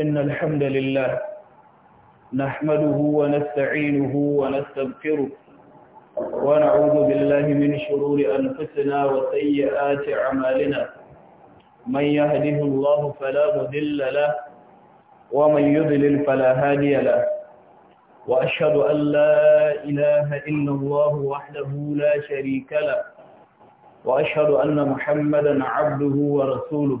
إن الحمد لله نحمده ونستعينه ونستغفره ونعوذ بالله من شرور أنفسنا وسيئات أعمالنا من يهده الله فلا مذل له ومن يضلل فلا هادي له وأشهد أن لا إله إلا الله وحده لا شريك له وأشهد أن محمدا عبده ورسوله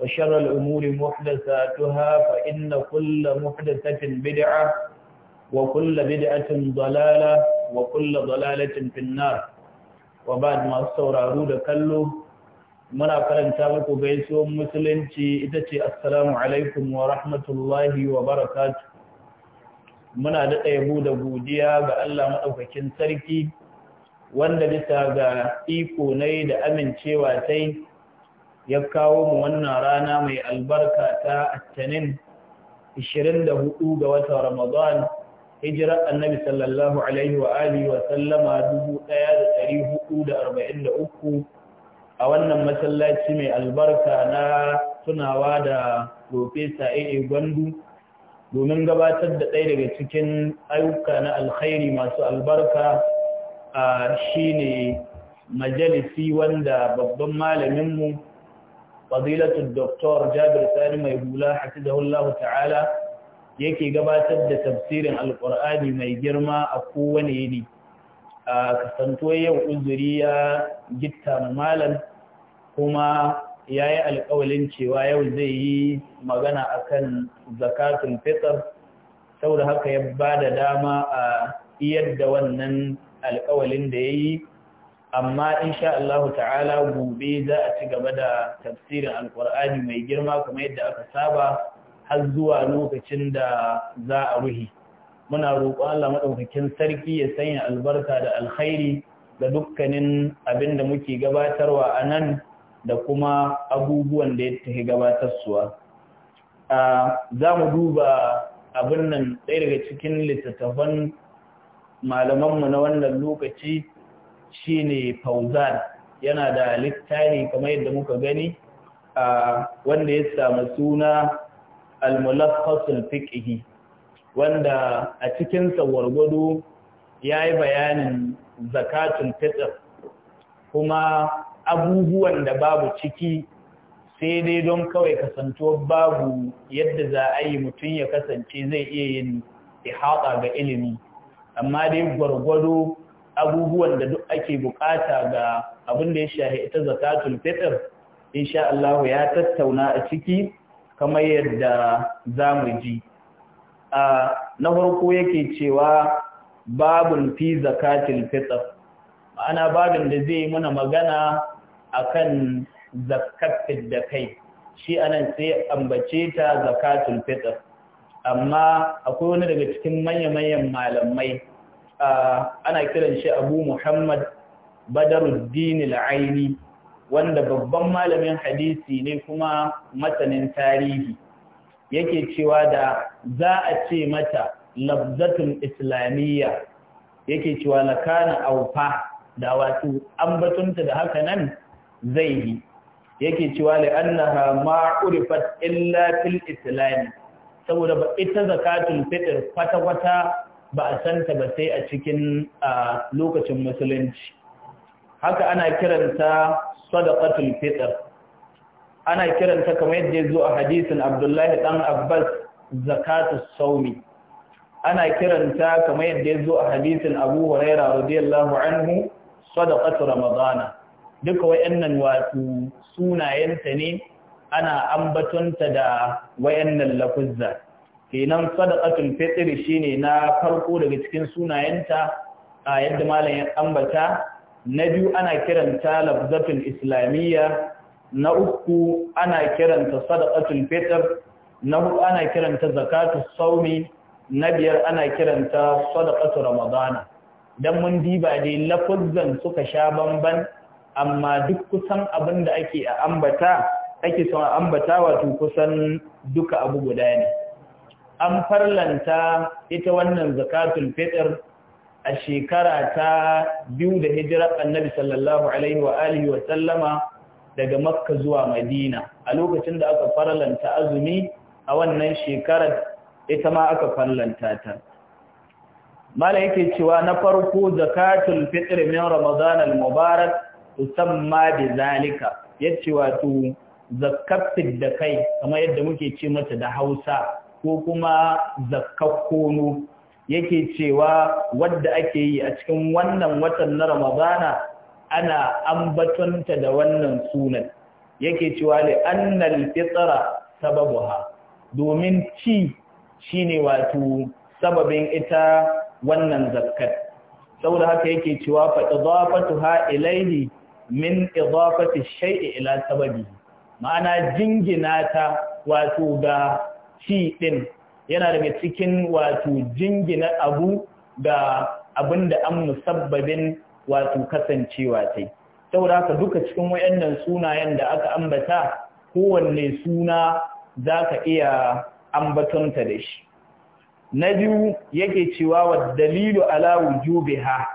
وشر الأمور محدثاتها فإن كل محدثة بدعة وكل بدعة ضلالة وكل ضلالة في النار وبعد ما da kallo. muna karanta muku gaisuwar musulunci ita ce assalamu alaikum wa rahmatullahi wa barakatu muna daɗa yabo da godiya ga Allah maɗaukakin sarki wanda bisa ga iko nai da amincewa tai ya kawo mu wannan rana mai albarka ta attanin 24 ga watan Ramadan hijira annabi sallallahu alaihi wa alihi wa sallama 1443 a wannan masallaci mai albarka na tunawa da Profesa A.A. Gwandu domin gabatar da ɗaya daga cikin ayyuka na alkhairi masu albarka a shine majalisi wanda babban malaminmu fadilatul doktor jabir sani mai hula hafizahullahu ta'ala yake gabatar da tafsirin alqur'ani mai girma a kowane yini a kasanto yau uzuri ya malam kuma ya yi alkawalin cewa yau zai yi magana akan zakatun fitar saboda haka ya ba da dama a iyar da wannan alkawalin da ya yi amma insha Allah ta'ala gobe za a ci gaba da tafsirin alkur'ani mai girma kuma yadda aka saba har zuwa lokacin da za a ruhi muna roƙo Allah madaukakin sarki ya sanya albarka da alkhairi ga dukkanin abin da muke gabatarwa a nan da kuma abubuwan da ya tafi gabatarsuwa za mu duba abin nan ɗaya daga cikin littattafan mu na wannan lokaci shine fauzan yana da littafi kamar yadda muka gani a wanda ya samu suna al-mulakhasul fiqhi wanda a cikin sa wargwado yayi bayanin zakatul fitr kuma abubuwan da babu ciki sai dai don kawai kasantuwa babu yadda za a yi mutum ya kasance zai iya yin ihata ga ilimi amma dai gwargwado abubuwan da duk ake bukata ga abin da ya shahi ita zakatul fitr insha Allah ya tattauna a ciki kamar yadda zamu ji a na farko yake cewa babun fi zakatul fitr ma'ana babin da zai mana magana akan zakat da kai shi anan sai ambace ta zakatul fitr amma akwai wani daga cikin manya-manyan malamai ana kiran shi abu muhammad badaruddin al'aini wanda babban malamin hadisi ne kuma masanin tarihi yake cewa da za a ce mata labzatun islamiyya yake cewa kana aufa da wato ambatunta da haka nan zai yi yake cewa la'annaha ma urifat illa fil islam saboda ba ita zakatul fitr kwata-kwata ba a santa ba sai a cikin lokacin musulunci haka ana kiranta sadaqatul fitr ana kiranta kamar yadda ya zo a hadisin Abdullahi dan Abbas zakatus saumi ana kiranta kamar yadda ya zo a hadisin Abu Huraira radiyallahu anhu sadaqatu ramadana duka wayannan wato sunayenta ne ana ambatonta da wayannan lafuzza kenan sadaqatul fitr shine na farko daga cikin sunayenta a yadda malam ya ambata na biyu ana kiranta lafzatul islamiyya na uku ana kiranta sadaqatul fitr na huɗu ana kiranta zakatul sawmi na biyar ana kiranta sadaqatul ramadana dan mun diba dai lafazan suka sha bamban amma duk kusan abinda ake a ambata ake son ambata wato kusan duka abu guda ne an farlanta ita wannan zakatul fitr a shekara ta biyu da hijirar annabi sallallahu alaihi wa alihi wa sallama daga makka zuwa madina a lokacin da aka farlanta azumi a wannan shekarar ita ma aka farlanta ta mala yake cewa na farko zakatul fitr min ramadan al mubarak tusamma bi zalika yace wato zakatul da kai kamar yadda muke ce mata da Hausa ko kuma zakakkono yake cewa wadda ake yi a cikin wannan watan na Ramadana ana ambatonta da wannan sunan yake cewa li annal fitra sababuha domin ci shine wato sababin ita wannan zakkar saboda haka yake cewa fa idafatuha ilayhi min idafati shay'i ila sababi ma'ana jingina ta wato ga ci ɗin yana daga cikin wato jingina abu da abin da an musabbabin wato kasancewa sai saboda haka duka cikin wayannan sunayen da aka ambata kowanne suna za ka iya ambatonta da shi na biyu yake cewa wa dalilu ala wujubiha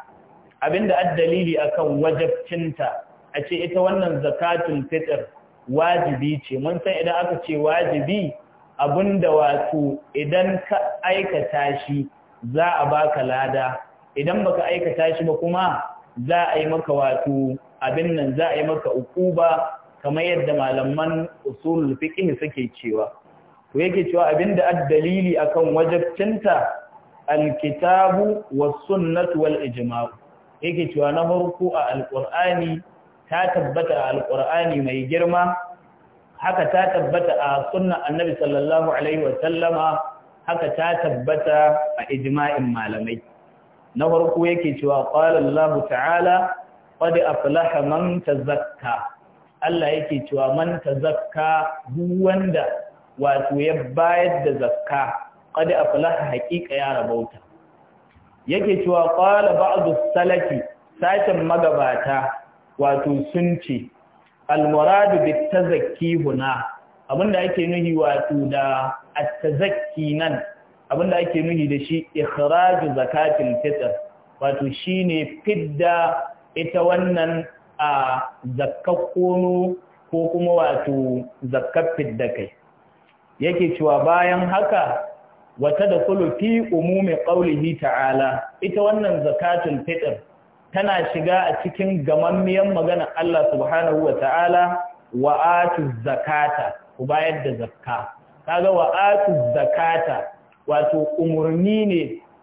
abinda addalili akan wajabcinta a ce ita wannan zakatun fitr wajibi ce mun san idan aka ce wajibi da wato idan ka aikata shi za a baka lada idan baka aikata shi ba kuma za a yi maka wato abin nan za a yi maka ukuba kamar yadda malaman usulul fiqh suke cewa to yake cewa abinda addalili akan wajibcinta alkitabu was sunnatu wal ijma' yake cewa na farko a alqur'ani ta tabbata alqur'ani mai girma haka ta tabbata a sunna annabi sallallahu alaihi wa sallama haka ta tabbata a ijma'in malamai na farko yake cewa qala Allah ta'ala qad aflaha man tazakka Allah yake cewa man tazakka duk wanda wato ya bayar da zakka qad aflaha haqiqa ya rabauta yake cewa qala ba'd as-salafi sashin magabata wato sun ce almuradu bit tazakki huna abinda ake nuhi wato da at-tazakki nan abinda ake nuhi da shi ikhraju zakatil fitr wato shine fidda ita wannan a zakkakono ko kuma wato zakkar fidda kai yake cewa bayan haka wata da fi umumi qaulihi ta'ala ita wannan Zakatun fitr tana shiga a cikin gamammiyan maganar Allah subhanahu wa ta'ala wa atu zakata ku bayar da zakka kaga wa atu zakata wato umarni ne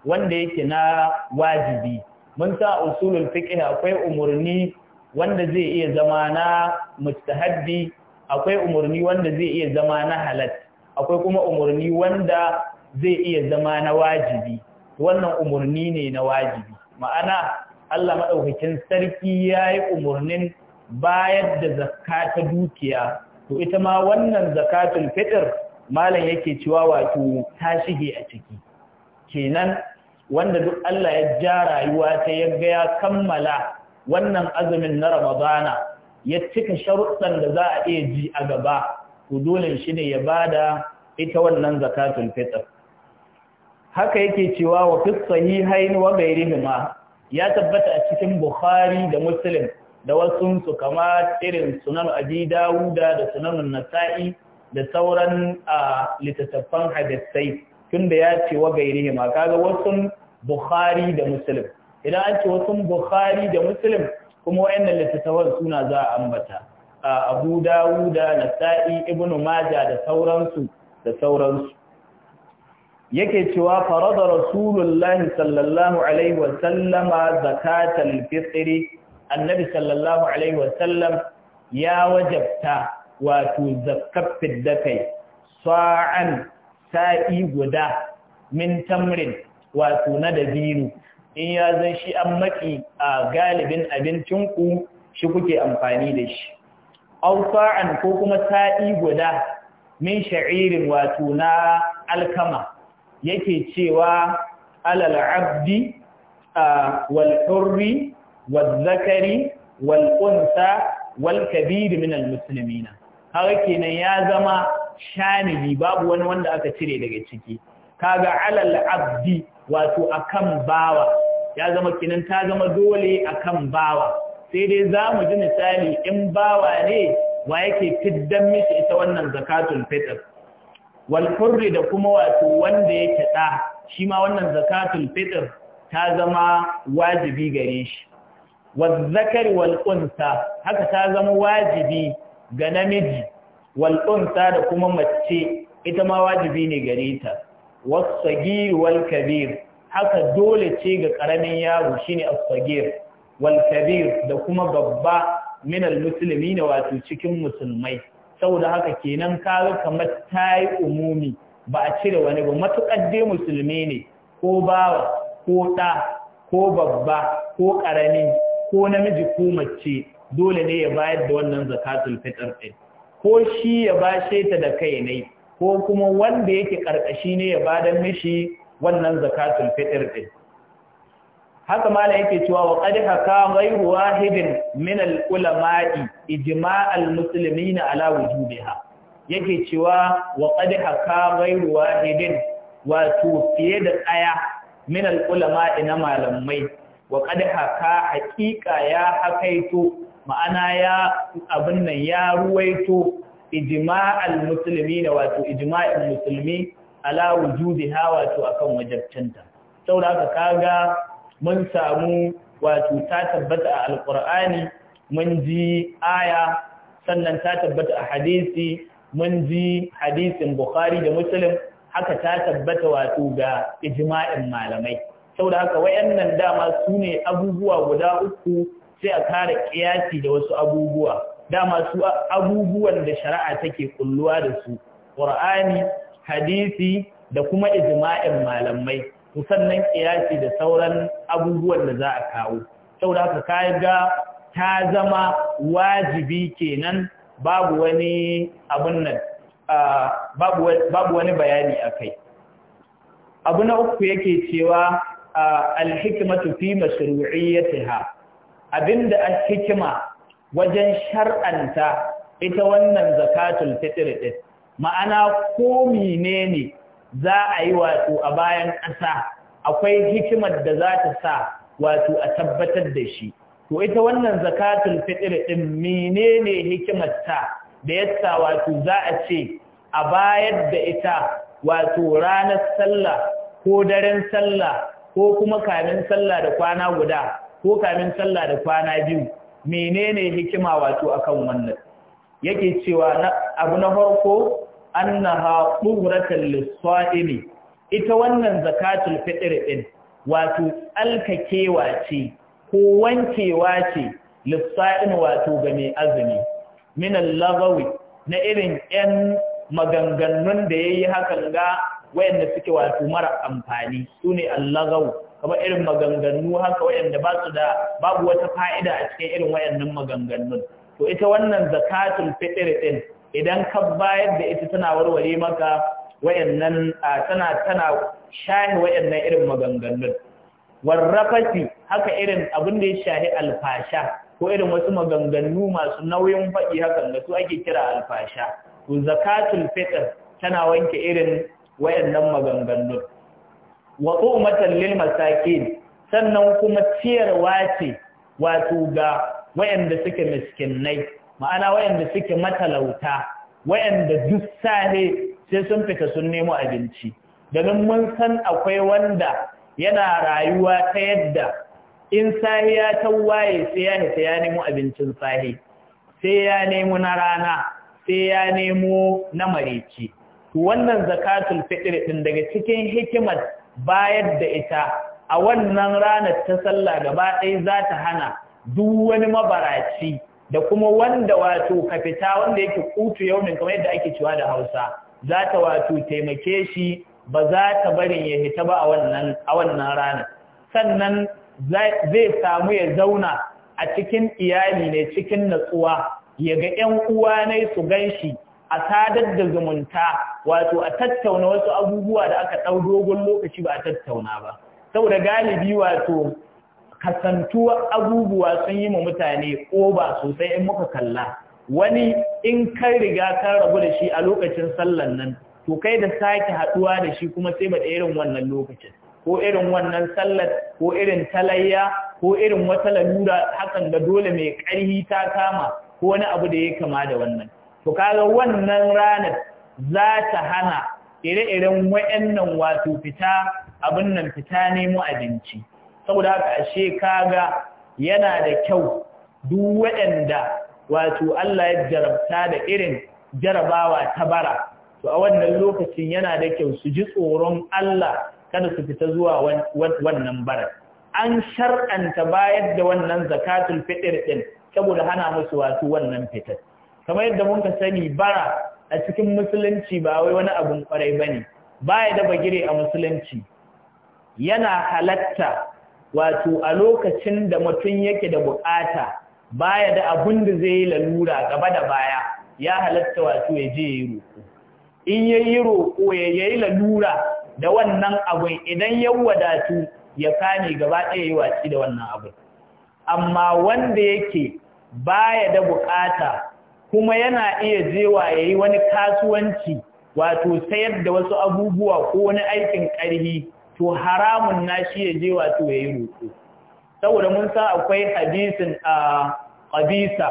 wanda yake na wajibi mun sa usulul fiqh akwai umarni wanda zai iya zama na mustahabbi akwai umarni wanda zai iya zama na halal akwai kuma umarni wanda zai iya zama na wajibi wannan umarni ne na wajibi ma'ana Allah maɗaukakin sarki ya yi umarnin bayar da zakka ta dukiya to ita ma wannan zakatun fitr malam yake cewa wato ta shige a ciki kenan wanda duk Allah ya ja rayuwa ta yaga ya kammala wannan azumin na Ramadana ya cika sharuɗan da za a iya ji a gaba to dole shi ne ya bada ita wannan zakatun fitr haka yake cewa wa fi sahihain wa ghairihima ya tabbata a cikin Bukhari da Muslim da wasu su kama irin sunan Abi Dawuda da sunan Nasa'i da sauran a littattafan hadisai tunda ya ce wa gairihi ma kaga wasu Bukhari da Muslim idan an ce wasu Bukhari da Muslim kuma wayannan littattafan suna za a ambata Abu Dawuda Nasa'i Ibn Majah da sauransu da sauransu yake cewa farada rasulullahi sallallahu alaihi wa sallama zakatal fitri annabi sallallahu alaihi wa sallam ya wajabta wato zakafin da kai sa'an sa'i guda min tamrin wato na dabino in ya zan shi an maki a galibin abincinku shi kuke amfani da shi au sa'an ko kuma sa'i guda min sha'irin wato na alkama yake cewa alal abdi wal hurri wal zakari wal unsa wal kabiri min al muslimina haka kenan ya zama shanibi babu wani wanda aka cire daga ciki kaga alal abdi wato akan bawa ya zama kinan ta zama dole akan bawa sai dai za mu ji misali in bawa ne wa yake fiddan mishi ita wannan zakatul fitr walfurri da kuma wato wanda ya ɗa shi ma wannan zakatul fitr ta zama wajibi gare shi wazzakari walƙunsa haka ta zama wajibi ga namiji walƙunsa da kuma mace ita ma wajibi ne gare ta wasagir walkabir haka dole ce ga ƙaramin yaro shine asagir walkabir da kuma babba minal musulmi na wato cikin musulmai saboda haka kenan kaga kamar ta yi umumi ba a cire wani ba matuƙar dai musulmi ne ko bawa ko ɗa ko babba ko ƙarami ko namiji ko mace dole ne ya bayar da wannan zakatul fitr ɗin ko shi ya ba bashe ta da kai ne ko kuma wanda yake ƙarƙashi ne ya ba bada mishi wannan zakatul fitr ɗin haka mala yake cewa wa qad haka ghayru wahidin min al ulama'i ijma' al muslimin ala yake cewa wa qad haka ghayru wahidin wato fiye da tsaya min al ulama'i na malamai wa qad haka haqiqa ya hakaito ma'ana ya abin nan ya ruwaito ijma' musulmi na wato ijma'in muslimi ala wujubiha wato akan wajabcinta saboda haka kaga mun samu wato ta tabbata a alƙur'ani mun ji aya sannan ta tabbata a hadisi mun ji hadisin bukhari da muslim haka ta tabbata wato ga ijma'in malamai saboda haka wayannan dama su ne abubuwa guda uku sai a kare kiyasi da wasu abubuwa dama su abubuwan da shari'a take kulluwa da su ƙur'ani, hadisi da kuma ijma'in malamai to sannan kiyasi da sauran abubuwan da za a kawo saboda haka ka ga ta zama wajibi kenan babu wani abun nan babu wani bayani akai abu na uku yake cewa alhikimatu fi mashru'iyyatiha abinda alhikma wajen shar'anta ita wannan zakatul fitr ɗin ma'ana ko menene za a yi wato a bayan ƙasa akwai hikimar da za ta sa wato a tabbatar da shi to ita wannan zakatul fitr din menene hikimar ta da yasa wato za a ce a bayar da ita wato ranar sallah ko daren sallah ko kuma kamin sallah da kwana guda ko kamin sallah da kwana biyu menene hikima wato akan wannan yake cewa abu na farko annaha tuhuratan lis ita wannan zakatul fitr din wato alkakewa ce ko wankewa ce lis wato ga mai azumi min al-lagawi na irin yan maganganun da yayi hakan ga wayanda suke wato mara amfani sune al-lagawi kamar irin maganganu haka wayanda ba su da babu wata fa'ida a cikin irin wayannan maganganun to ita wannan zakatul fitr din idan ka bayar da ita tana warware maka wayannan tana tana shahi wayannan irin maganganun warrafati haka irin abin da ya shahi alfasha ko irin wasu maganganu masu nauyin faɗi haka da su ake kira alfasha to zakatul fitr tana wanke irin wayannan maganganun wa qumatan lil masakin sannan kuma ciyarwa ce wato ga wayanda suke miskinai ma'ana wayanda suke matalauta wayanda duk sahe sai sun fita sun nemo abinci domin mun san akwai wanda yana rayuwa ta yadda in sahiya ta waye sai ya ta ya nemo abincin sahi sai ya nemo na rana sai ya nemo na mareci wannan zakatul fitr din daga cikin hikimar bayar da ita a wannan ranar ta sallah gaba ɗaya za ta hana duk wani mabaraci da kuma wanda wato ka fita wanda yake kutu yaunin kamar yadda ake cewa da Hausa za ta wato taimake shi ba za ta barin ya hita ba a wannan a ranar sannan zai samu ya zauna a cikin iyali ne cikin natsuwa ya ga yan uwa ne su ganshi a sadar da zumunta wato a tattauna wasu abubuwa da aka dau dogon lokaci ba a tattauna ba saboda galibi wato kasantuwar abubuwa sun yi mu mutane ƙoba sosai in muka kalla wani in kai riga ka rabu da shi a lokacin sallan nan to kai da sake haɗuwa da shi kuma sai ba da irin wannan lokacin ko irin wannan sallar ko irin talayya ko irin wata lalura hakan da dole mai karhi ta kama ko wani abu da ya kama da wannan to kaga wannan ranar za ta hana ire-iren wayannan wato fita abin nan fita nemo abinci saboda haka ashe kaga yana da kyau duk waɗanda wato Allah ya jarabta da irin jarabawa ta bara to a wannan lokacin yana da kyau su ji tsoron Allah kada su fita zuwa wannan bara an shar'anta bayar da wannan zakatul fitr din saboda hana musu wato wannan fitar kamar yadda mun ka sani bara a cikin musulunci ba wai wani abun kwarai bane baya da bagire a musulunci yana halatta wato a lokacin da mutum yake da bukata baya da abun da zai yi lalura gaba da baya ya halatta wato ya je yi roƙo in ya yi roƙo ya yi lalura da wannan abin idan ya wadatu ya kame gaba ɗaya yi watsi da wannan abin amma wanda yake baya da bukata kuma yana iya jewa ya yi wani kasuwanci wato sayar da wasu abubuwa ko wani aikin ƙarfi. to haramun na shi ya je wato ya yi roƙo saboda mun san akwai hadisin a ƙabisa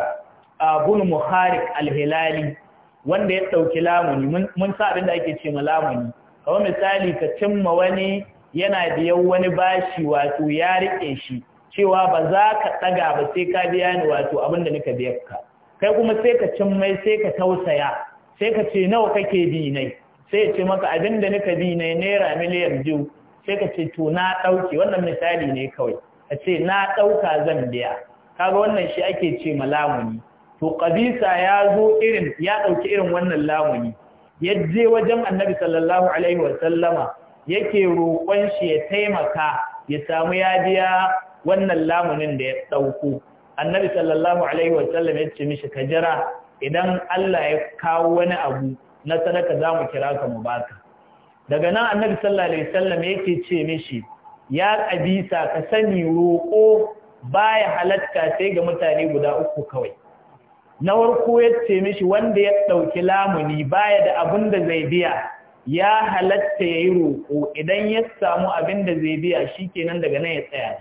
a bin muharik alhilali wanda ya ɗauki lamuni mun sa abin da ake ce ma lamuni kama misali ka cimma wani yana biyan wani bashi wato ya rike shi cewa ba za ka ɗaga ba sai ka biya ni wato abin nika biya ka kai kuma sai ka cimmai sai ka tausaya sai ka ce nawa kake bi nai sai ya ce maka abinda nika bi nai naira miliyan biyu sai ka ce to na ɗauke wannan misali ne kawai ka ce na ɗauka zan biya kaga wannan shi ake ce ma lamuni to qabisa ya zo irin ya ɗauki irin wannan lamuni ya je wajen annabi sallallahu alaihi wa yake roƙon shi ya taimaka ya samu ya biya wannan lamunin da ya ɗauko annabi sallallahu alaihi wa ya ce mishi ka jira idan Allah ya kawo wani abu na sadaka za mu kira ka mu baka daga nan annabi sallallahu alaihi wasallam yake ce mishi ya kabisa ka sani roko baya halatta sai ga mutane guda uku kawai na farko ya ce mishi wanda ya dauki lamuni baya da abin da zai biya ya halatta yayi roko idan ya samu abin da zai biya shikenan daga nan ya tsaya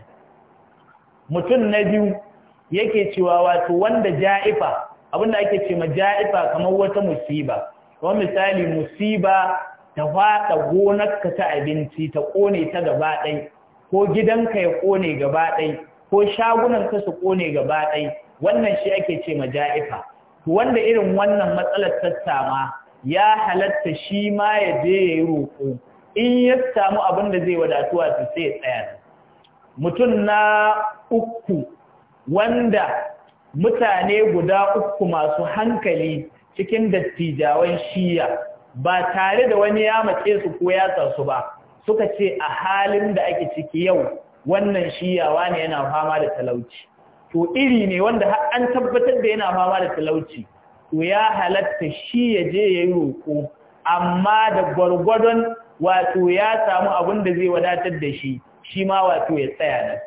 mutum na biyu yake cewa wato wanda ja'ifa abinda ake ce ma ja'ifa kamar wata musiba kamar misali musiba ta faɗa gonarka ta abinci ta ƙone ta gaba ɗai ko gidanka ya ƙone gaba ɗai ko shagunanka su kone gaba ɗai wannan shi ake ce ma ja'ifa wanda irin wannan matsalar ta ya halatta shi ma ya je ya yi roƙo in ya samu abin da zai wadatu su sai ya tsaya mutum na uku wanda mutane guda uku masu hankali cikin dattijawan shiya ba tare da wani ya matse su ko ya su ba suka ce a halin da ake ciki yau wannan shiyawa ne yana fama da talauci to iri ne wanda har an tabbatar da yana fama da talauci to ya halatta shi ya je ya yi roƙo amma da gwargwadon wato ya samu abin da zai wadatar da shi shi ma wato ya tsaya da.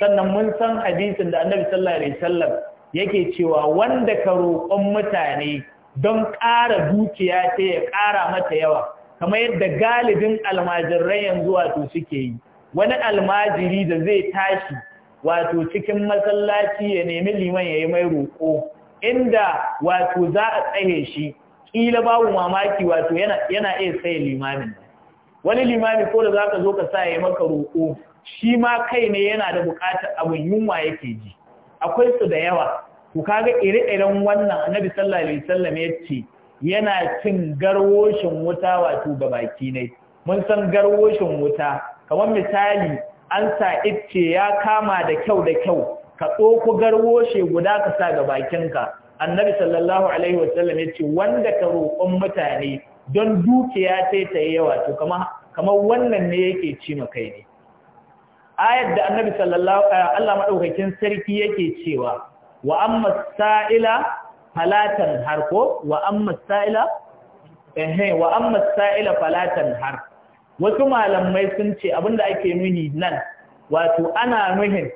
sannan mun san hadisin da annabi sallallahu alaihi wasallam yake cewa wanda ka roƙon mutane don ƙara dukiya ce ya ƙara mata yawa kamar yadda galibin almajirai yanzu wato suke yi wani almajiri da zai tashi wato cikin masallaci ya nemi liman ya yi mai roƙo inda wato za a tsaye shi ƙila babu mamaki wato yana iya tsaye limamin wani limami ko da za ka zo ka sa ya yi maka roƙo shi ma kai ne yana da bukatar abin yunwa yake ji akwai su da yawa ku kaga ire-iren wannan annabi sallallahu alaihi wasallam ya ce yana cin garwoshin wuta wato ga baki ne mun san garwoshin wuta kamar misali an sa ice ya kama da kyau da kyau ka tsoko garwoshe guda ka sa ga bakinka annabi sallallahu alaihi wasallam ya ce wanda ka roƙon mutane don dukiya sai ta yi yawa to kamar kamar wannan ne yake ci ma kai ne ayat da annabi sallallahu alaihi Allah madaukakin sarki yake cewa wa amma sa'ila falatan har wa amma sa'ila ehe wa amma sa'ila falatan har wasu malamai sun ce abinda ake nuni nan wato ana nuhin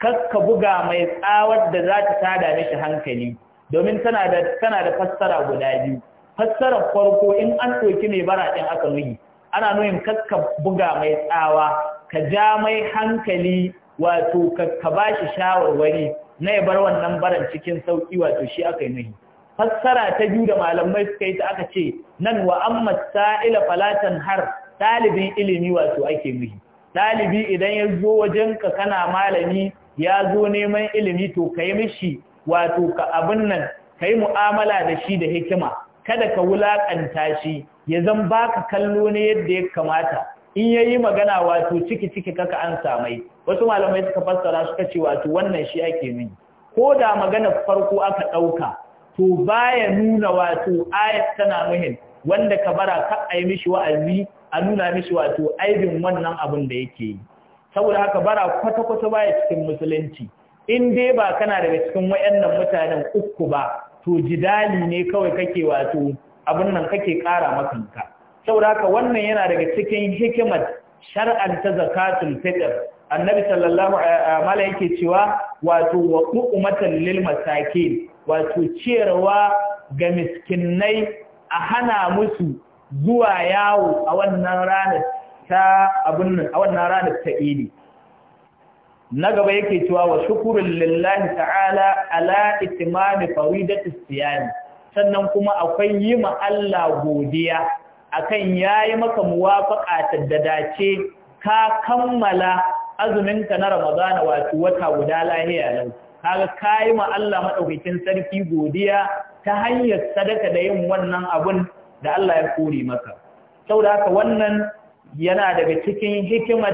kakka buga mai tsawar da za ta tada mishi hankali domin tana da tana da fassara guda biyu fassarar farko in an ɗauki mai bara ɗin aka nuhi ana nuhin kakka buga mai tsawa ka ja mai hankali wato ka ba shi shawarwari na ya bar wannan baran cikin sauki wato shi aka yi mai. fassara ta biyu da malamai suka yi ta aka ce nan wa amma sa'ila falatan har ɗalibin ilimi wato ake mai. ɗalibi idan ya zo wajen ka kana malami ya zo neman ilimi to ka yi mishi wato ka abin nan ka yi mu'amala da shi da hikima kada ka wulaƙanta shi ya zan baka kallo ne yadda ya kamata in yayi magana wato ciki ciki kaka an samai wasu malamai suka fassara suka ce wato wannan shi ake nuni ko da magana farko aka dauka to baya nuna wato ayat tana muhim wanda ka bara ka ai mishi wa'azi a nuna mishi wato aibin wannan abin da yake yi saboda haka bara kwata kwata baya cikin musulunci in dai ba kana daga cikin wayannan mutanen uku ba to jidali ne kawai kake wato abin nan kake kara maka saboda wannan yana daga cikin hikimar ta Zakatun fitr annabi sallallahu alaihi yake cewa wato wa ummatan lil masakin wato ciyarwa ga miskinai a hana musu zuwa yawo a wannan ranar ta abun a wannan ranar ta idi na gaba yake cewa wa shukurun lillahi ta'ala ala itmani faridati siyami sannan kuma akwai yi ma Allah godiya akan yayi maka muwafaqa da dace ka kammala azuminka na Ramadana wato wata guda lahiya lau kaga kai ma Allah madaukakin sarki godiya ta hanyar sadaka da yin wannan abun da Allah ya kore maka saboda haka wannan yana daga cikin hikimar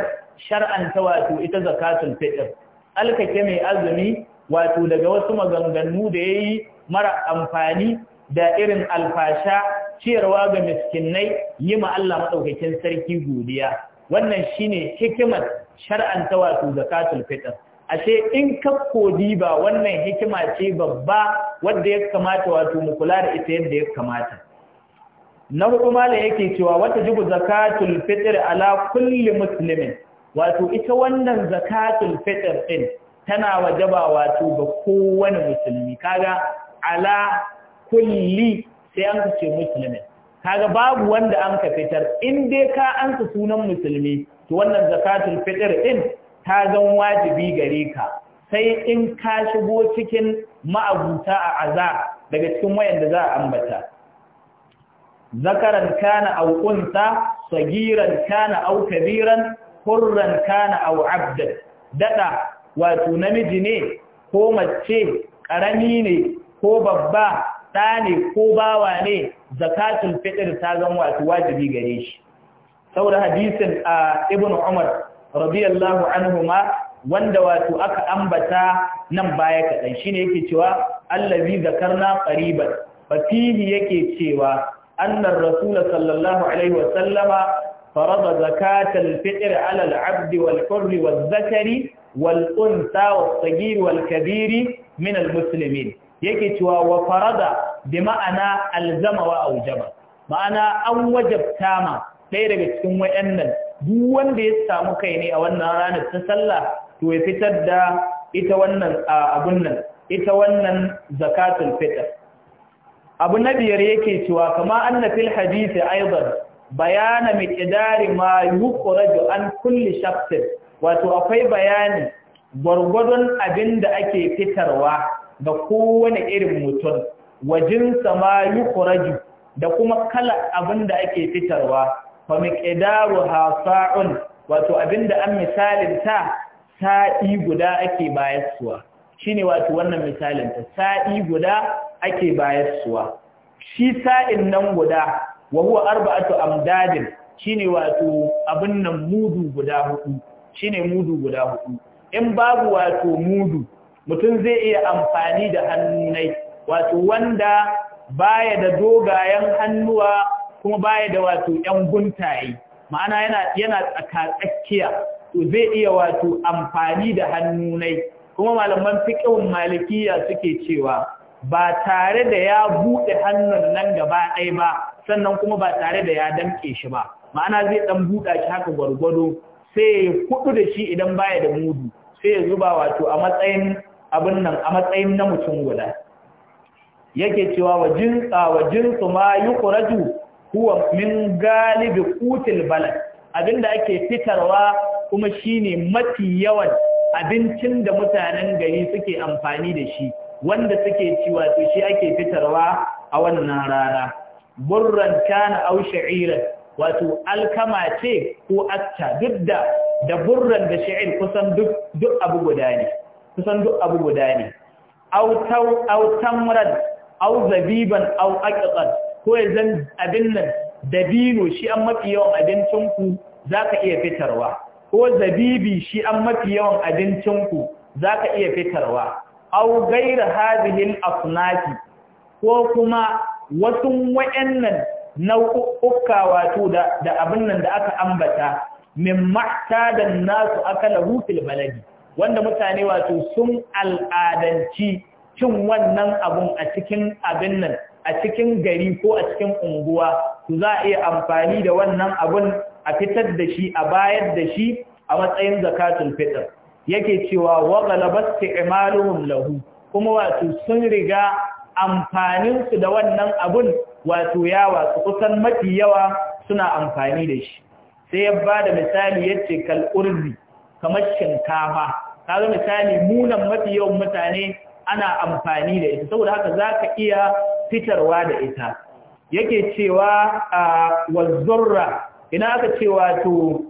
shar'anta wato ita zakatul fitr alkake mai azumi wato daga wasu maganganu da yayi mara amfani da irin alfasha ciyarwa ga miskinai yi ma Allah maɗaukakin sarki godiya wannan shine hikimar shar'anta wato zakatul fitr ashe in ka kodi ba wannan hikima ce babba wanda ya kamata wato mu kula da ita yadda ya kamata na hudu mala yake cewa wata jibu zakatul fitr ala kulli muslimin wato ita wannan zakatul fitr din tana wajaba wato ga kowane musulmi kaga ala kulli sai an ce musulmin kaga babu wanda an ka fitar in dai ka ansa sunan musulmi to wannan zakatul fitr din ta zan wajibi gare ka sai in ka shigo cikin ma'abuta a aza daga cikin wayanda za a ambata zakaran kana aw unsa sagiran kana aw kabiran hurran kana aw abdan dada wato namiji ne ko mace karami ne ko babba ɗa ko bawa ne zakatul fitr ta zama wato wajibi gare shi saboda hadisin a ibnu umar radiyallahu ma wanda wato aka ambata nan baya kaɗan shine yake cewa allazi zakarna qariban fa fihi yake cewa annar rasul sallallahu alaihi wa sallama farada zakatal fitr ala abdi abd wal hurr wal zakari wal unsa sagir wal kabiri min al yake cewa wa farada bi ma'ana alzama wa aujaba ma'ana an wajabta ma ɗaya daga cikin wayannan duk wanda ya samu kai ne a wannan ranar ta sallah to ya fitar da ita wannan abun nan ita wannan zakatul fitr abu na biyar yake cewa kama anna hadisi aidan bayana miqdari ma yukhraju an kulli shakhs wato akwai bayani gurgurdon abinda ake fitarwa ga kowane irin mutum wajin sama yukhraju da kuma kala abinda ake fitarwa fa miqdaru hasa'un wato abinda an misalin ta sa'i guda ake bayarsuwa shine wato wannan misalin ta sa'i guda ake bayarsuwa shi sa'in nan guda wa huwa arba'atu amdadin shine wato abin nan mudu guda hudu shine mudu guda hudu in babu wato mudu mutum zai iya amfani da hannunai wato wanda baya da dogayen hannuwa kuma baya da wato ‘yan guntaye ma'ana yana yana tsakatsakiya to zai iya wato amfani da hannunai kuma malaman fiƙin malikiya suke cewa ba tare da ya buɗe hannun nan gaba ɗaya ba sannan kuma ba tare da ya damƙe shi ba ma'ana zai ɗan buɗa shi haka gwargwado sai ya kuɗu da shi idan baya da mudu sai ya zuba wato a matsayin abin nan a matsayin na mutum guda yake cewa wa jinsa wa jinsu ma yi kuraju huwa min galibi kutil balad abinda ake fitarwa kuma shine mafi yawan abincin da mutanen gari suke amfani da shi wanda suke ciwa to shi ake fitarwa a wannan rana burran kana aw sha'iran wato alkama ce ko acca duk da burran da sha'ir kusan duk duk abu guda ne kusan duk abu guda ne au tamrad au zabiban au aqiqat ko yanzu abin nan dabino shi an mafi yawan abincinku ka iya fitarwa ko zabibi shi an mafi yawan abincinku ka iya fitarwa au gaira hadhihi al ko kuma wasu wayannan nau'uka wato da abin nan da aka ambata min da nasu akalahu fil baladi wanda mutane wato sun al'adanci cin wannan abun a cikin abin nan a cikin gari ko a cikin unguwa su za a iya amfani da wannan abun a fitar da shi a bayar da shi a matsayin zakatun fitr yake cewa wa galabat ti'maluhum lahu kuma wato sun riga amfaninsu da wannan abun wato ya wasu kusan mafi yawa suna amfani da shi sai ya bada misali yace kal urzi kamar shinkafa kaga misali munan mafi yawan mutane ana amfani da ita saboda haka za ka iya fitarwa da ita yake cewa wa zurra ina aka ce wato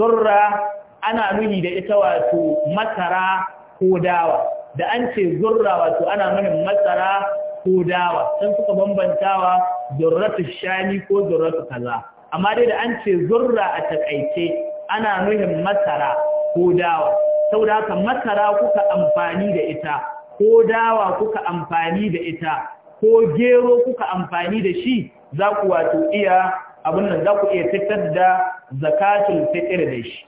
zurra ana nuni da ita wato masara ko dawa da an ce zurra wato ana nunin masara ko dawa sun suka bambantawa zurratu shani ko zurratu kaza amma dai da an ce zurra a takaice ana nuhin masara ko dawa saboda haka masara kuka amfani da ita ko dawa kuka amfani da ita ko gero kuka amfani da shi za ku wato iya abin nan za ku iya fitar da zakatul fitr da shi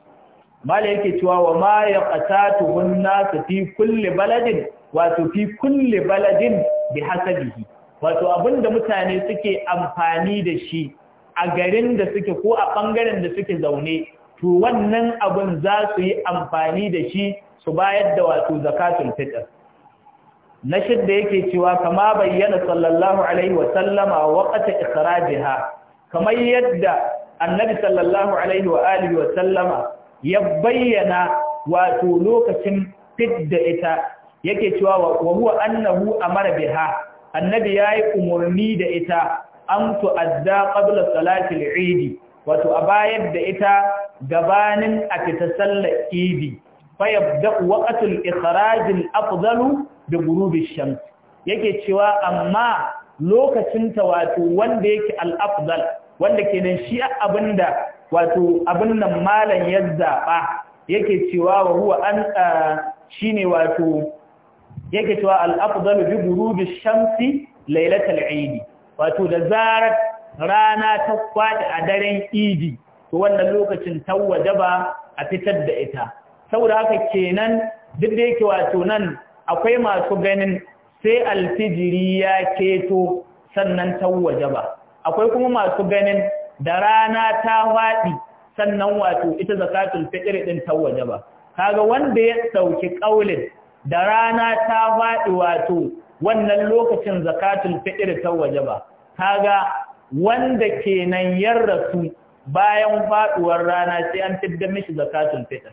mala yake cewa wa ma yaqatatuhun fi kulli baladin wato fi kulli baladin bi hasabihi wato abinda mutane suke amfani da shi a garin da suke ko a ɓangaren da suke zaune to wannan abin za su yi amfani da shi su bayar da wato zakatun fitar. na shidda yake cewa kama bayyana sallallahu alaihi wa sallama waqta ikhrajiha kamar yadda annabi sallallahu alaihi wa alihi sallama ya bayyana wato lokacin fidda ita yake cewa wa huwa annahu amara biha annabi yayi umarni da ita an tu'adda qabla salati al wato a bayar da ita gabanin a fita sallar idi fayabda waqatul ikhrajil afdalu da ghurubish shams yake cewa amma lokacin ta wato wanda yake al-afdal wanda kenan shi abinda wato abin nan malam ya zaba yake cewa wa huwa an shine wato yake cewa al-afdalu bi ghurubish shamsi lailatul eid wato da zarar rana ta kwada a daren idi wannan lokacin ba a fitar da ita saboda haka kenan duk da yake wato nan akwai masu ganin sai alfijiri ya keto sannan ba akwai kuma masu ganin da rana ta faɗi sannan wato ita zakatul fitr din ba kaga wanda ya dauki kaulin da rana ta faɗi wato wannan lokacin zakatul fitr ba kaga wanda kenan ya rasu bayan faduwar rana sai an fidda mishi zakatul fitr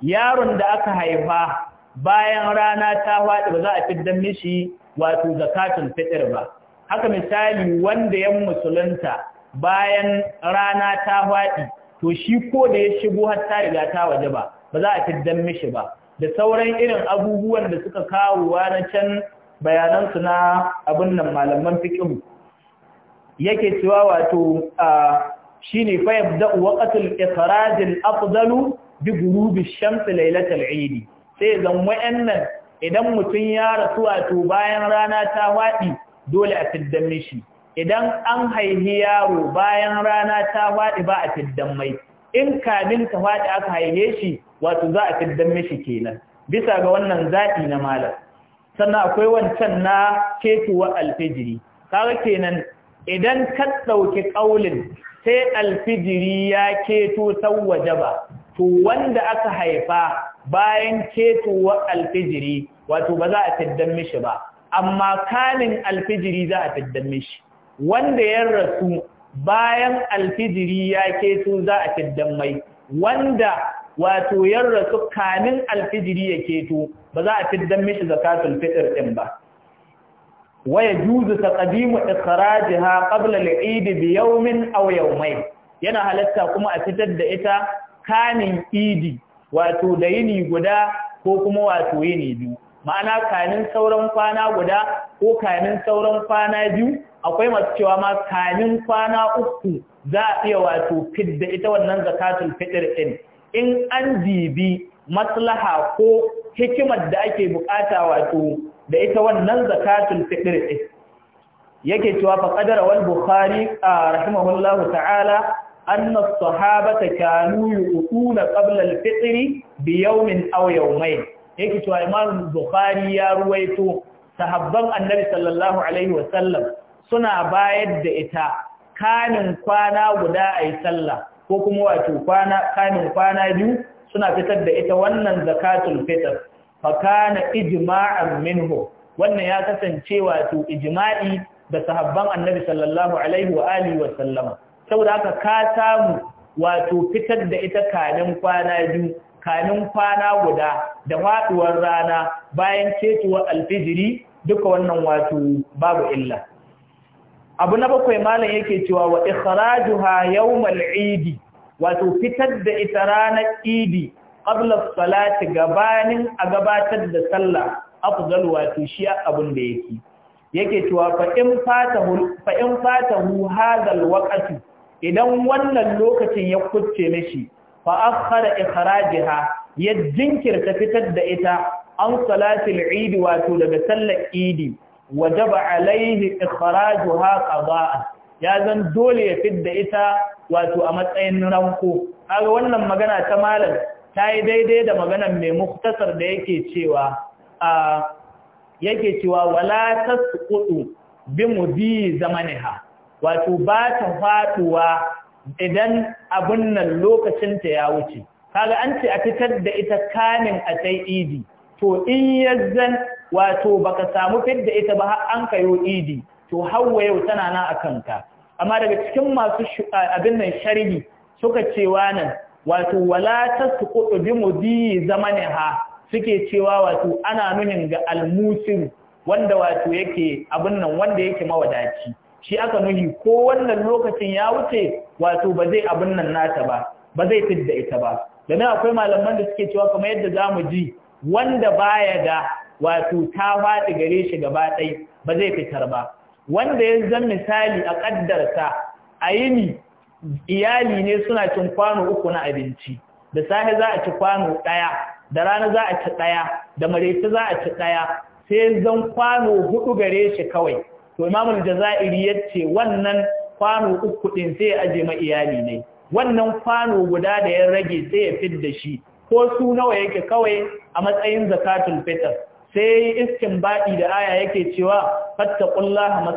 yaron da aka haifa bayan rana ta faɗi ba za a fidda mishi wato zakatul fitr ba haka misali wanda 'yan musulunta bayan rana ta faɗi to shi ko da ya shigo har ta riga ta waje ba ba za a fidda mishi ba da sauran irin abubuwan da suka kawo na can bayanan su na abin nan malaman fikihu yake cewa wato shine fa yabda'u waqtul ikhraj al-afdal bi ghurub ash-shams sai zan wayannan idan mutum ya rasu wato bayan rana ta waɗi dole a fidda mishi idan an haihi yaro bayan rana ta waɗi ba a fiddan mai in kamin ta wadi aka haihe shi wato za a fiddan mishi kenan bisa ga wannan zaɓi na malam sannan akwai wancan na ketuwa alfijiri kaga kenan idan ka ɗauki ƙaulin sai alfijiri ya keto waje ba to wanda aka haifa bayan wa alfijiri wato ba za a taddan mishi ba amma kanin alfijiri za a taddan mishi wanda ya rasu bayan alfijiri ya keto za a taddan mai wanda wato ya rasu kanin alfijiri ya keto ba za a taddan mishi zakatul fitar ɗin ba ويجوز تقديم إخراجها قبل العيد بيوم أو يومين yana halatta kuma a fitar da ita kanin idi wato da yini guda ko kuma wato yini biyu ma'ana kanin sauran kwana guda ko kanin sauran kwana biyu akwai masu cewa ma kanin kwana uku za a iya wato fidda ita wannan zakatul fitr din in an dibi maslaha ko hikimar da ake bukata wato da ita wannan zakatul fitr din yake cewa fa qadara wal bukhari rahimahullahu ta'ala anna as-sahabata kanu yuquna qabla al-fitr bi yawmin aw yawmayn yake cewa imam bukhari ya ruwaito sahabban annabi sallallahu alaihi wasallam suna bayar da ita kanin kwana guda ai sallah ko kuma wato kwana kanin kwana biyu suna fitar da ita wannan zakatul fitr fakana ijma'an minhu wannan ya kasance wato ijma'i da sahabban annabi sallallahu alaihi wa alihi wa sallama saboda haka ka samu wato fitar da ita kanin kwana biyu kanin kwana guda da faduwar rana bayan cetuwar alfijiri duka wannan wato babu illa abu na bakwai malam yake cewa wa ikhrajuha yawmal idi wato fitar da ita ranar idi qabla salati gabanin a gabatar da sallah afzal wato shi abun da yake yake cewa fa in fata hu hadal waqti idan wannan lokacin ya kucce mishi fa akhara ikhrajaha ya jinkirta fitar da ita an salatil eid wato daga sallar eid wajaba alaihi ikhrajaha qada'a ya zan dole ya fidda ita wato a matsayin ranko kaga wannan magana ta malam ta yi daidai da maganan mai muktasar da yake cewa a yake cewa wala kudu bi zamaniha wato ba ta faduwa idan abin nan lokacinta ya wuce kaga an ce a fitar da ita kanin a sai idi to in yazzan wato baka samu fidda ita ba har an kayo idi to hawa yau tana nan a kanta. amma daga cikin masu abin nan sharhi suka cewa nan wato wala ta su kudu bi mudi ha suke cewa wato ana nuhin ga almusir wanda wato yake abin nan wanda yake mawadaci shi aka nuhi ko wannan lokacin ya wuce wato ba zai abin nan nata ba ba zai fidda ita ba domin akwai malaman da suke cewa kamar yadda zamu ji wanda baya da wato ta faɗi gare shi gaba ɗai ba zai fitar ba wanda ya zan misali a ƙaddarsa a yini iyali ne suna cin kwano uku na abinci da safe za a ci kwano ɗaya da rana za a ci ɗaya da mareci za a ci ɗaya sai zan kwano hudu gare shi kawai to imamul jaza'iri ya ce wannan kwano uku ɗin sai ya aje ma iyali ne wannan kwano guda da ya rage sai ya fid da shi ko su nawa yake kawai a matsayin zakatul fitr sai iskin baɗi da aya yake cewa fattaqullaha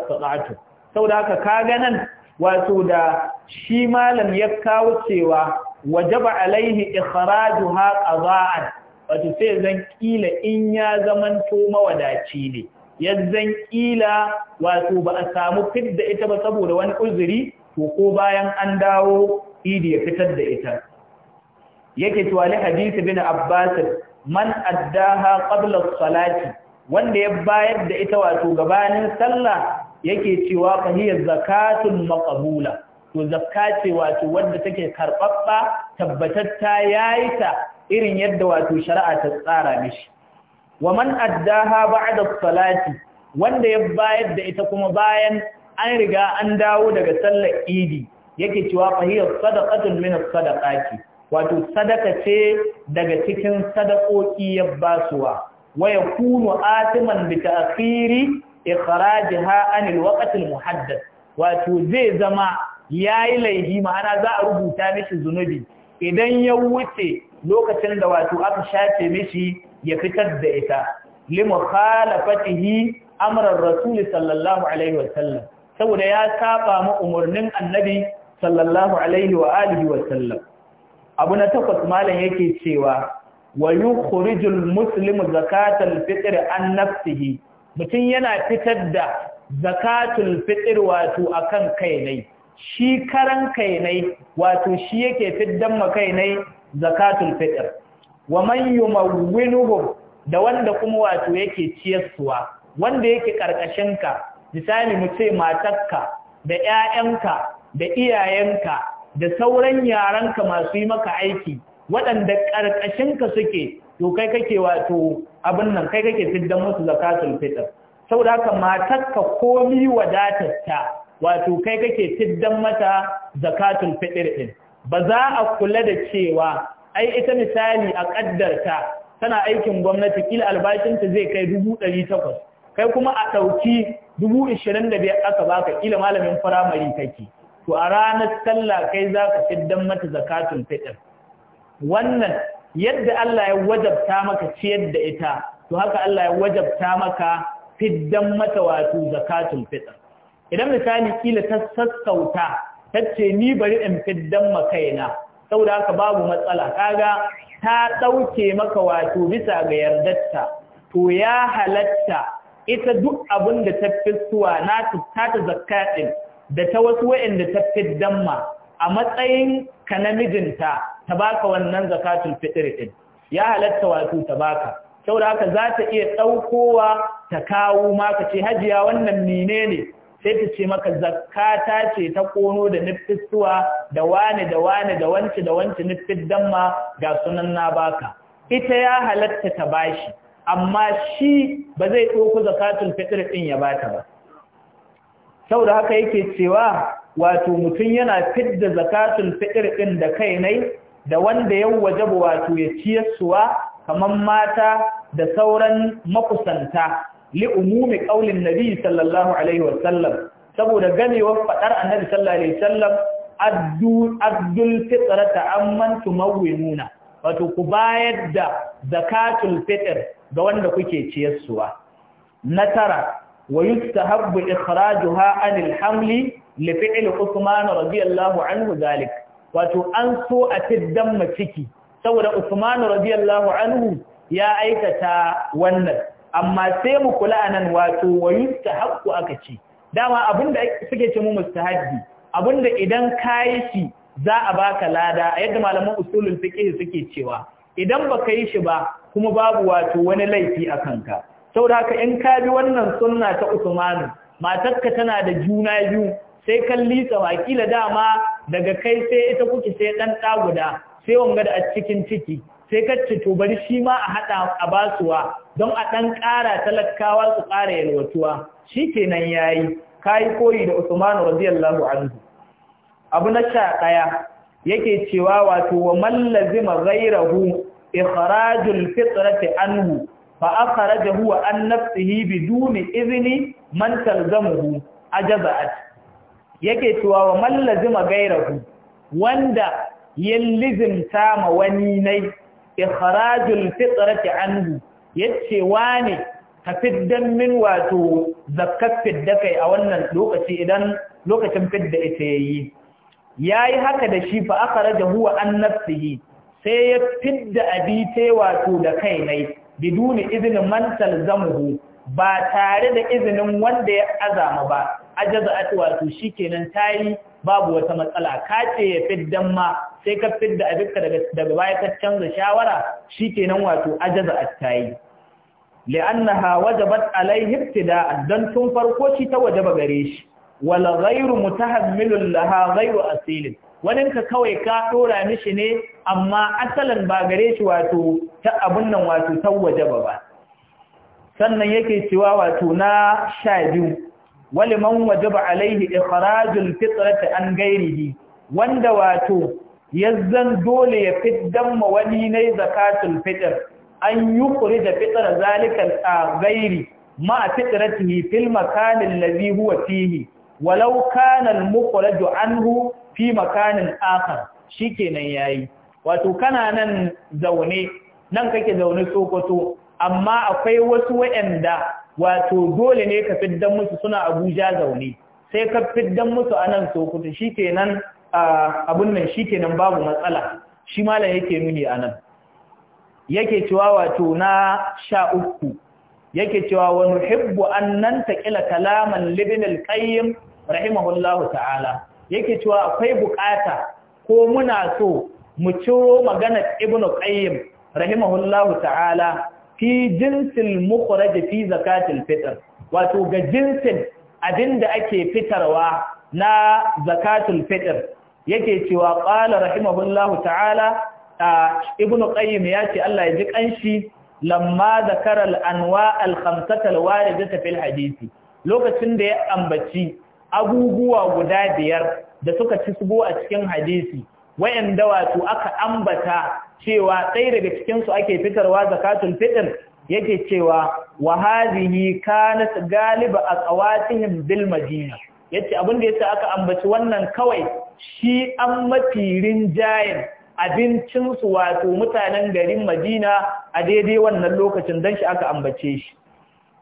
Sau saboda haka ka ga nan wato da shi malam ya kawo cewa wajaba alaihi ikhrajuha qada'an wato sai zan kila in ya zaman to mawadaci ne zan kila wato ba a samu fidda ita ba saboda wani uzuri to ko bayan an dawo idi ya fitar da ita yake cewa ne hadisi bin abbas man addaha qabla salati wanda ya bayar da ita wato gabanin sallah yake cewa fa zakatun maqbula to zakka ce wato wanda take karbabba tabbatatta yayi ta irin yadda wato shari'a ta tsara mishi wa man addaha ba'da salati wanda ya bayar da ita kuma bayan an riga an dawo daga sallar idi yake cewa fa hiya sadaqatun min sadaqati wato sadaka ce daga cikin sadakoki ya basuwa wa yakunu atiman bi ta'khiri ikhrajaha anil waqtil muhaddath wato zai zama yayi laifi ma'ana za a rubuta mishi zunubi idan ya wuce lokacin da wato aka shafe mishi ya fitar da ita limukhalafatihi amran rasul sallallahu alaihi wasallam saboda ya saba mu umurnin annabi sallallahu alaihi wa alihi wasallam abu na takwas malam yake cewa wa yukhrijul muslimu zakatal fitr an nafsihi mutum yana fitar da zakatul fitr wato akan kainai shi karan kainai wato shi yake fiddan kainai zakatul fitr wa man yumawwinuhu da wanda kuma wato yake ciyarsuwa wanda yake karkashin ka misali mu ce matarka da ƴaƴanka da iyayenka da sauran yaranka masu yi maka aiki waɗanda karkashin ka suke to kai kake wato abin nan kai kake fiddan musu zakatul fitr saboda haka ka komi wadatarta wato kai kake fiddan mata zakatul fitr din ba za a kula da cewa ai ita misali a ta tana aikin gwamnati kila albashinta zai kai 1800 kai kuma a dauki 25,000 aka baka kila malamin firamare kake to a ranar sallah kai za ka fiddan mata zakatul fitr wannan yadda Allah ya wajabta maka ciyar da ita to haka Allah ya wajabta maka fiddan mata wato zakatul fitr idan misali kila ta sassauta tace ni bari in fiddan kaina saboda haka babu matsala kaga ta dauke maka wato bisa ga yardarta to ya halatta ita duk abin da ta fisuwa na ta zakatin da ta wasu wa'anda ta fiddan ma a matsayin ka na mijinta ta baka wannan zakatun fitr din ya halatta wato ta baka saboda haka za ta iya ɗaukowa ta kawo maka ce hajiya wannan mine ne sai ta ce maka zakata ce ta kono da nufistuwa da wane da wane da wance da wance nufin damma ga sunan na baka ita ya halatta ta bashi amma shi ba zai ɗauko zakatun fitar ɗin ya bata ba saboda haka yake cewa wato mutum yana fidda zakatul fitr din da kai nai da wanda ya wajaba wato ya ciyarsuwa kaman mata da sauran makusanta li umumi qaulin nabi sallallahu alaihi wasallam saboda ganewar fadar annabi sallallahu alaihi wasallam addu addul fitrata amman tumawwinuna wato ku bayar da zakatul fitr ga wanda kuke ciyarsuwa na tara wa yustahabbu ikhrajuha anil hamli li fi'l Usmanu, radiyallahu anhu zalik wato an so a tiddan maciki saboda Usmanu, radiyallahu anhu ya aikata wannan amma sai mu kula anan wato wa yustahabbu aka ci. dama abinda suke ce mu mustahabbi abinda idan kayi shi za a baka lada a yadda malaman usulul fiqh suke cewa idan baka yi shi ba kuma babu wato wani laifi a kanka saboda haka in ka bi wannan sunna ta Usmanu matarka tana da juna biyu sai kalli ta wakila dama daga kai sai ita kuke sai dan da guda sai wanga da a cikin ciki sai ka to bari shi ma a hada a basuwa don a dan ƙara talakawa su ƙara yalwatuwa shikenan yayi kai koyi da Usman radiyallahu anhu abu na sha yake cewa wato wa mallazima ghairahu ikhrajul fitrati anhu fa akhrajahu an nafsihi biduni izni man talzamuhu ajazat yake cewa wa man lazima gairahu wanda ta ma wani nai ikhrajul fitrati anhu yace ne ka fiddan min wato zakkar fidda kai a wannan lokaci idan lokacin fidda ita yayi yayi haka da shi fa akhrajahu an nafsihi sai ya fidda abite wato da kai nai biduni izinin man talzamuhu ba tare da izinin wanda ya azama ba ajaza'at wato shikenan tayi babu wata matsala ce ya fiddan ma sai ka fidda abinka daga daga baya ka canza shawara shikenan wato a tayi li'annaha wajabat alaihi ibtida'an dan tun farko shi ta wajaba gare shi wal ghayru mutahammilun laha ghayru asilin waninka kawai ka ɗora mishi ne amma asalin ba gare shi wato ta abin nan wato waje ba ba sannan yake cewa wato na sha biyu wali man waje ba alaihi ikharajul fitrata an gairihi wanda wato yazzan dole ya fiddan ma wani ne zakatul fitr an yukuri da fitar zalikal a gairi ma fitrati fil makanin lazi huwa fihi walau kana al-mukhraju anhu fi makanin akan shikenan yayi wato kana nan zaune nan kake zaune Sokoto amma akwai wasu waɗanda wato dole ne ka fiddan musu suna Abuja zaune sai ka fiddan musu a nan Sokoto shikenan abun nan shikenan babu matsala shi malam yake nuni a nan yake cewa wato na sha uku yake cewa wani hibbu an nan ta ƙila kalaman libn al rahimahullahu ta'ala yake cewa akwai bukata ko muna so mu ciro magana ibn qayyim rahimahullahu ta'ala fi jinsil mukhraj fi zakatil fitr wato ga jinsin abinda ake fitarwa na zakatul fitr yake cewa qala rahimahullahu ta'ala ibn qayyim yace Allah ya ji kanshi lamma zakara al-anwa al-khamsata al-waridata fil hadisi lokacin da ya ambaci abubuwa guda biyar da suka ci subo a cikin hadisi wayanda wato aka ambata cewa ɗaya daga cikin su ake fitarwa zakatul fitr yake cewa wa hadhihi kanat galiba aqwatihim bil madina yace abin da aka ambaci wannan kawai shi an mafirin jayin su wato mutanen garin madina a daidai wannan lokacin don shi aka ambace shi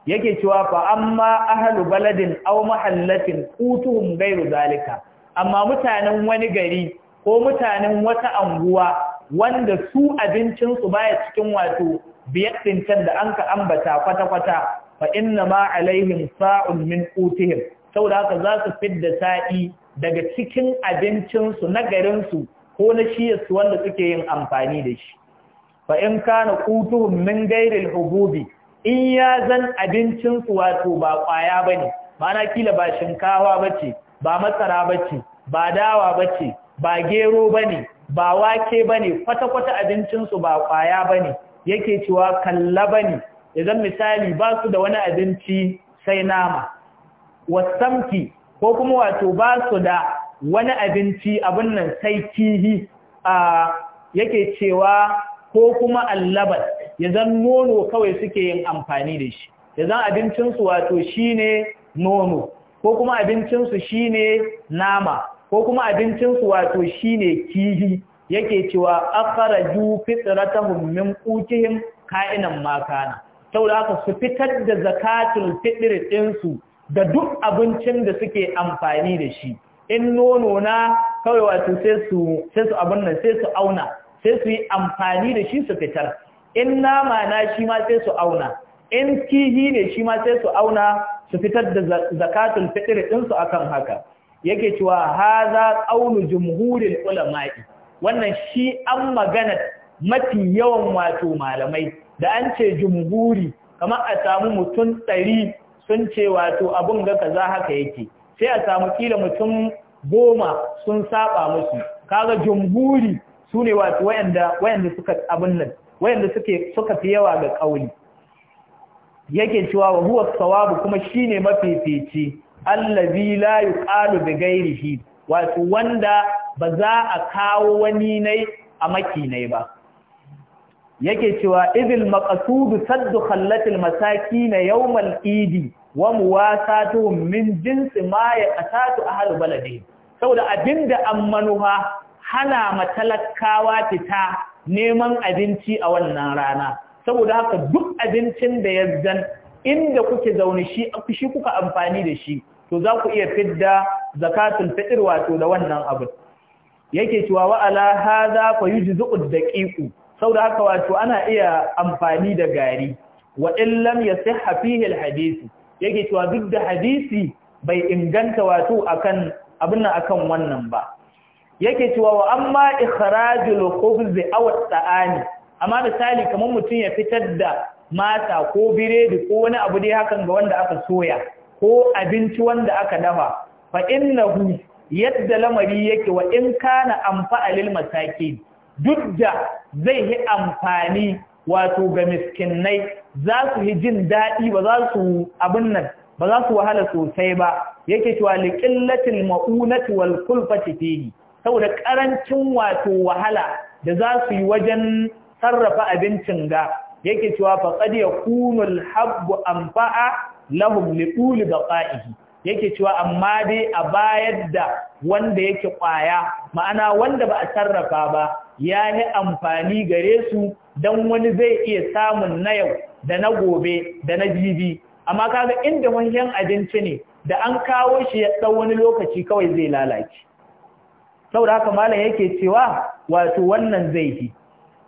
yake cewa fa amma ahlu baladin aw mahallatin qutuhum gairu zalika amma mutanen wani gari ko mutanen wata anguwa wanda su abincin su baya cikin wato biyaddin can da anka ambata kwata kwata fa inna ma alaihim sa'un min qutihim saboda haka za su fidda sa'i daga cikin abincin su na garin su ko na shiyar su wanda suke yin amfani da shi fa in kana qutuhum min ghairi hububi in ya zan abincinsu wato ba ƙwaya ba ne kila ba shinkawa ba ce ba matsara ba ce ba dawa ba ce ba gero ba ne ba wake ba ne kwata-kwata abincinsu ba kwaya ba ne yake cewa kalla ba ne idan misali ba su da wani abinci sai nama wasamki ko kuma wato ba su da wani abinci abin nan sai kihi a yake cewa ko kuma allabat ya zan nono kawai suke yin amfani da shi ya zan abincinsu wato shi ne nono ko kuma abincinsu shi ne nama ko kuma abincinsu wato shi ne kihi yake cewa ju ta min ƙukihin ka'inan makana saboda aka su fitar da zakatul fitr ɗinsu da duk abincin da suke amfani da shi in nono na kawai wato sai su abin nan sai su auna sai su yi amfani da shi su fitar in nama na shi ma sai su auna in kihi ne shi ma sai su auna su fitar da zakatul fitr din su akan haka yake cewa haza qaulu jumhuril ulama'i wannan shi an magana mafi yawan wato malamai da an ce jumhuri kamar a samu mutum ɗari sun ce wato abun ga kaza haka yake sai a samu kila mutum goma sun saba musu kaga jumhuri su ne wayanda suka abin nan wayanda suka fi yawa ga ƙauye. yake cewa wa huwa sawabu kuma shi shine mafifici allazi la yuqalu bi ghairihi wato wanda ba za a kawo wani ne a makinai ba yake cewa idil maqsudu saddu khallatil masakin yawmal idi wa muwasatuhum min jinsi ma yaqatu har baladi saboda abinda an manuha hana matalakawa fita neman abinci a wannan rana saboda haka duk abincin da ya zan inda kuke zaune shi shi kuka amfani da shi to za ku iya fidda zakatun fitir wato da wannan abin yake cewa wa ala hadha fa yujzu daqiqu saboda haka wato ana iya amfani da gari wa in lam yasihha fihi alhadith yake cewa duk da hadisi bai inganta wato akan abin nan akan wannan ba yake cewa wa amma ikhrajul khubz aw at-ta'ani amma misali kamar mutum ya fitar da mata ko biredi ko wani abu dai hakan ga wanda aka soya ko abinci wanda aka dafa fa innahu yadda lamari yake wa in kana amfa'alil masakin duk da zai yi amfani wato ga miskinai za su yi jin daɗi ba za su abin nan ba za su wahala sosai ba yake cewa liqillatil ma'unati wal kulfati fihi saboda ƙarancin wato wahala da za su yi wajen sarrafa abincin ga yake cewa faqad yakunu al-habbu anfa'a lahum liqul baqa'ihi yake cewa amma dai a bayar da wanda yake kwaya ma'ana wanda ba a sarrafa ba ya yi amfani gare su don wani zai iya samun na yau da na gobe da na jibi amma kaga inda wani abinci ne da an kawo shi ya tsawon wani lokaci kawai zai lalace saboda haka malam yake cewa wato wannan zai yi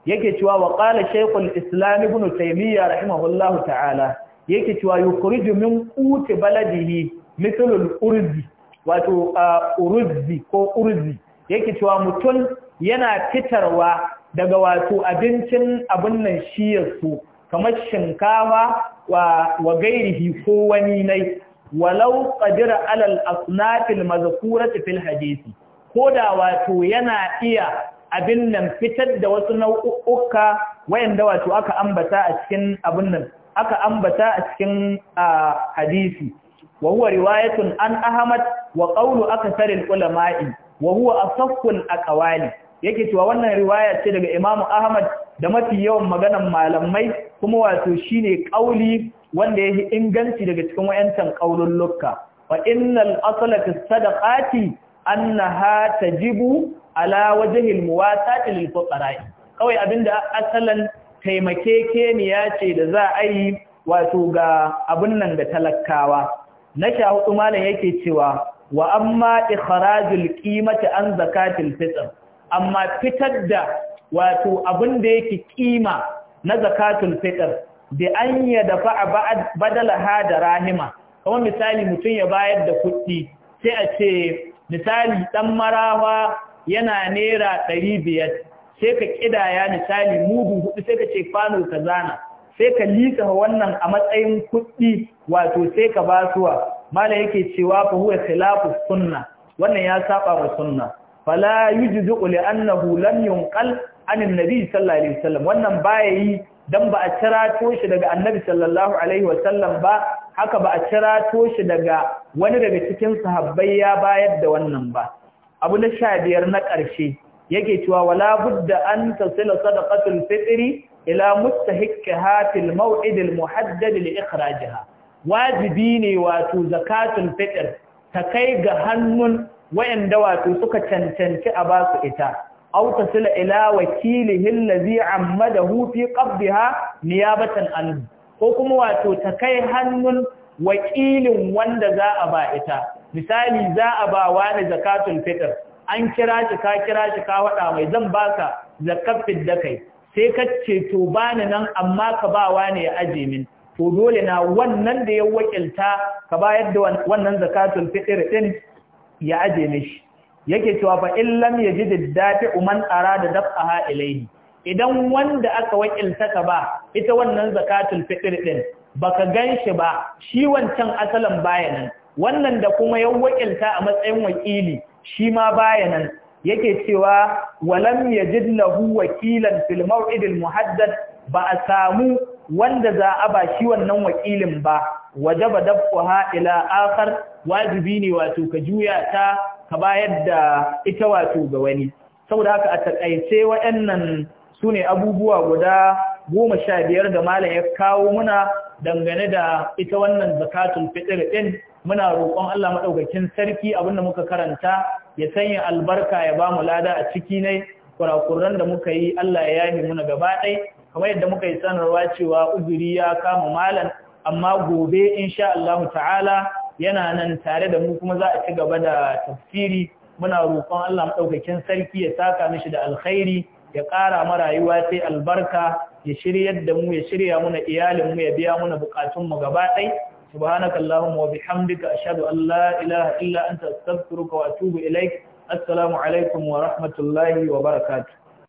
yake cewa wa qala shaykhul islam ibn taymiyyah rahimahullahu ta'ala yake cewa yukhriju min quti baladihi mithlul urzi wato urzi ko urzi yake cewa mutum yana fitarwa daga wato abincin abin nan shiyarsu kamar shinkafa wa gairihi ko wani nai walau qadira alal asnafil mazkurati fil hadisi ko da wato yana iya abin nan fitar da wasu nau'uka wayanda wato aka ambata a cikin abin nan aka ambata a cikin hadisi wa huwa riwayatun an ahmad wa qawlu al ulama'i wa huwa asafful aqwali yake cewa wannan riwaya ce daga imamu ahmad da mafi yawan maganan malamai kuma wato shine ƙauli wanda yake inganci daga cikin wayancan kaulun lukka wa innal asla fi sadaqati annaha tajibu ala wajhil muwasati lil fuqara kawai abinda asalan taimakekeniya ce da za a yi wato ga abin nan da talakawa na sha hudu malam yake cewa wa amma ikharajul qimati an zakatil fitr amma fitar da wato abin da yake kima na zakatul fitr da an ya yadfa badala da rahima kamar misali mutum ya bayar da kuɗi sai a ce misali ɗan marawa yana naira ɗari biyar sai ka ƙidaya misali mudu hudu sai ka ce kwano ka zana sai ka lisa wannan a matsayin kuɗi wato sai ka basuwa Malam yake cewa fa huwa khilafu sunna wannan ya saba wa sunna fala yujzu li annahu lam yunqal an annabi sallallahu alaihi wasallam wannan baya yi dan ba a cira toshi daga annabi sallallahu alaihi wasallam ba haka ba a cira shi daga wani daga cikin sahabbai ya bayar da wannan ba abu na sha biyar na ƙarshe yake cewa wala budda an tasila sadaqatul fitri ila mustahiqqiha fil maw'id al muhaddad li ikhrajiha wajibi ne wato zakatul fitr ta kai ga hannun wayanda wato suka cancanci a basu ita aw tasila ila wakilihi allazi ammadahu fi qabdiha niyabatan anhu ko kuma wato ta kai hannun wakilin wanda za a ba ita misali za a ba ne zakatul fitr an kira shi ka kira shi ka wada mai zan baka zakat da kai sai ka ce to bani nan amma ka ba wani ya aje min to dole na wannan da ya wakilta ka bayar da wannan zakatul fitr din ya aje mishi yake cewa fa in lam yajid dafi'u man arada daf'aha ilayhi idan wanda aka wakilta ba ita wannan zakatul fitr din baka ganshi ba shi wancan asalan bayanan wannan da kuma ya wakilta a matsayin wakili shi ma bayanan yake cewa walam yajid lahu wakilan fil maw'id al muhaddad ba a samu wanda za a ba shi wannan wakilin ba wajaba dafuha ila akhar wajibi ne wato ka juya ta ka bayar da ita wato ga wani saboda haka a takaice waɗannan su ne abubuwa guda goma sha biyar da malam ya kawo muna dangane da ita wannan zakatun fitr ɗin muna roƙon Allah maɗaukakin sarki abinda muka karanta ya sanya albarka ya bamu lada a ciki ne kurakuran da muka yi Allah ya yahi muna gaba ɗai kamar yadda muka yi sanarwa cewa uzuri ya kama malam amma gobe insha Allah ta'ala yana nan tare da mu kuma za a ci gaba da tafsiri muna roƙon Allah maɗaukakin sarki ya saka mishi da alkhairi ya ƙara mu rayuwa sai albarka ya shiryar da mu ya shirya muna iyalin mu ya biya muna bukatun mu gaba ɗai subhanakallahumma wa bihamdika ashhadu an la ilaha illa anta astaghfiruka wa atubu ilaik assalamu alaikum wa rahmatullahi wa barakatuh